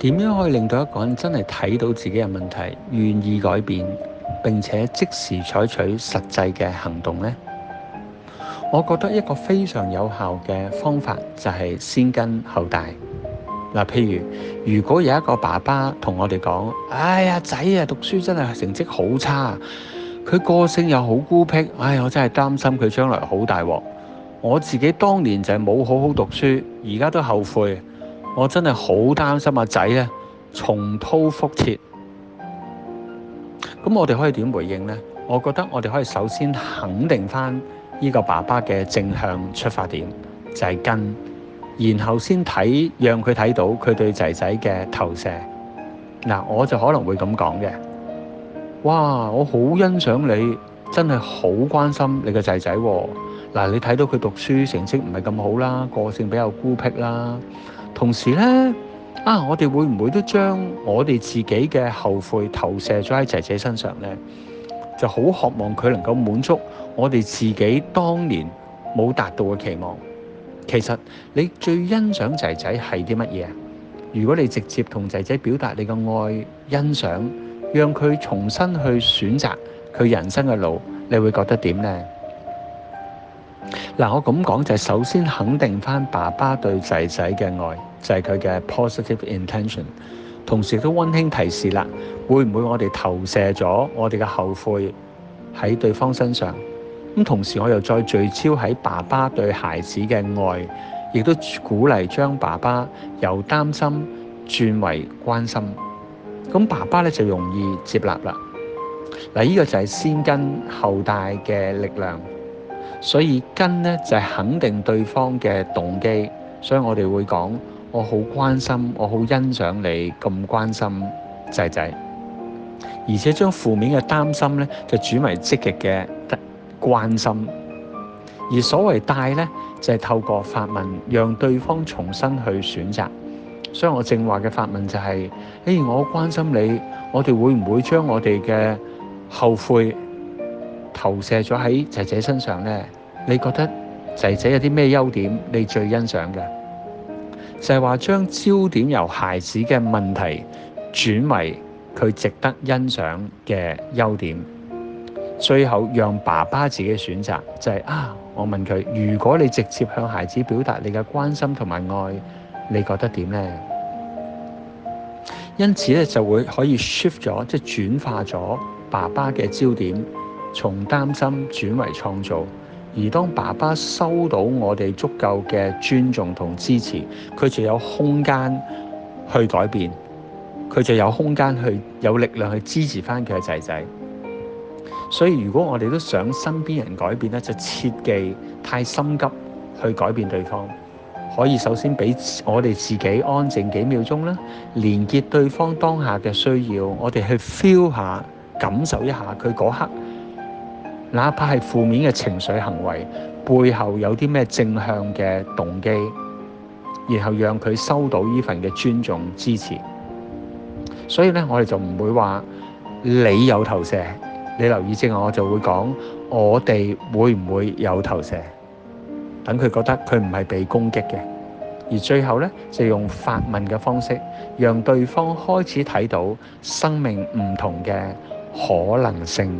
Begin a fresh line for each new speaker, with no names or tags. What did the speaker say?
點樣可以令到一個人真係睇到自己嘅問題，願意改變並且即時採取實際嘅行動呢？我覺得一個非常有效嘅方法就係先跟後帶。嗱，譬如如果有一個爸爸同我哋講：哎呀，仔啊，讀書真係成績好差，佢個性又好孤僻，哎，我真係擔心佢將來好大鑊。我自己當年就係冇好好讀書，而家都後悔。我真係好擔心阿仔咧，重蹈覆切轍咁，我哋可以點回應呢？我覺得我哋可以首先肯定翻呢個爸爸嘅正向出發點就係、是、根，然後先睇讓佢睇到佢對仔仔嘅投射。嗱，我就可能會咁講嘅。哇！我好欣賞你，真係好關心你嘅仔仔嗱。你睇到佢讀書成績唔係咁好啦，個性比較孤僻啦。同時呢，啊，我哋會唔會都將我哋自己嘅後悔投射咗喺仔仔身上呢？就好渴望佢能夠滿足我哋自己當年冇達到嘅期望。其實你最欣賞仔仔係啲乜嘢？如果你直接同仔仔表達你嘅愛、欣賞，讓佢重新去選擇佢人生嘅路，你會覺得點呢？嗱，我咁講就係、是、首先肯定翻爸爸對仔仔嘅愛，就係、是、佢嘅 positive intention，同時都溫馨提示啦，會唔會我哋投射咗我哋嘅後悔喺對方身上？咁同時我又再聚焦喺爸爸對孩子嘅愛，亦都鼓勵將爸爸由擔心轉為關心，咁爸爸咧就容易接納啦。嗱，呢個就係先跟後帶嘅力量。所以跟呢就係肯定對方嘅動機，所以我哋會講我好關心，我好欣賞你咁關心仔仔，而且將負面嘅擔心呢就轉為積極嘅關心。而所謂帶呢，就係透過發問，讓對方重新去選擇。所以我正話嘅發問就係：嘿，我關心你，我哋會唔會將我哋嘅後悔？投射咗喺仔仔身上咧，你覺得仔仔有啲咩優點，你最欣賞嘅？就係話將焦點由孩子嘅問題轉為佢值得欣賞嘅優點，最後讓爸爸自己選擇，就係啊！我問佢：如果你直接向孩子表達你嘅關心同埋愛，你覺得點咧？因此咧就會可以 shift 咗，即係轉化咗爸爸嘅焦點。從擔心轉為創造，而當爸爸收到我哋足夠嘅尊重同支持，佢就有空間去改變，佢就有空間去有力量去支持返佢嘅仔仔。所以，如果我哋都想身邊人改變咧，就切忌太心急去改變對方。可以首先俾我哋自己安靜幾秒鐘啦，連結對方當下嘅需要，我哋去 feel 下，感受一下佢嗰刻。哪怕係負面嘅情緒行為，背後有啲咩正向嘅動機，然後讓佢收到呢份嘅尊重支持。所以呢，我哋就唔會話你有投射，你留意正我就會講我哋會唔會有投射？等佢覺得佢唔係被攻擊嘅，而最後呢就用發問嘅方式，讓對方開始睇到生命唔同嘅可能性。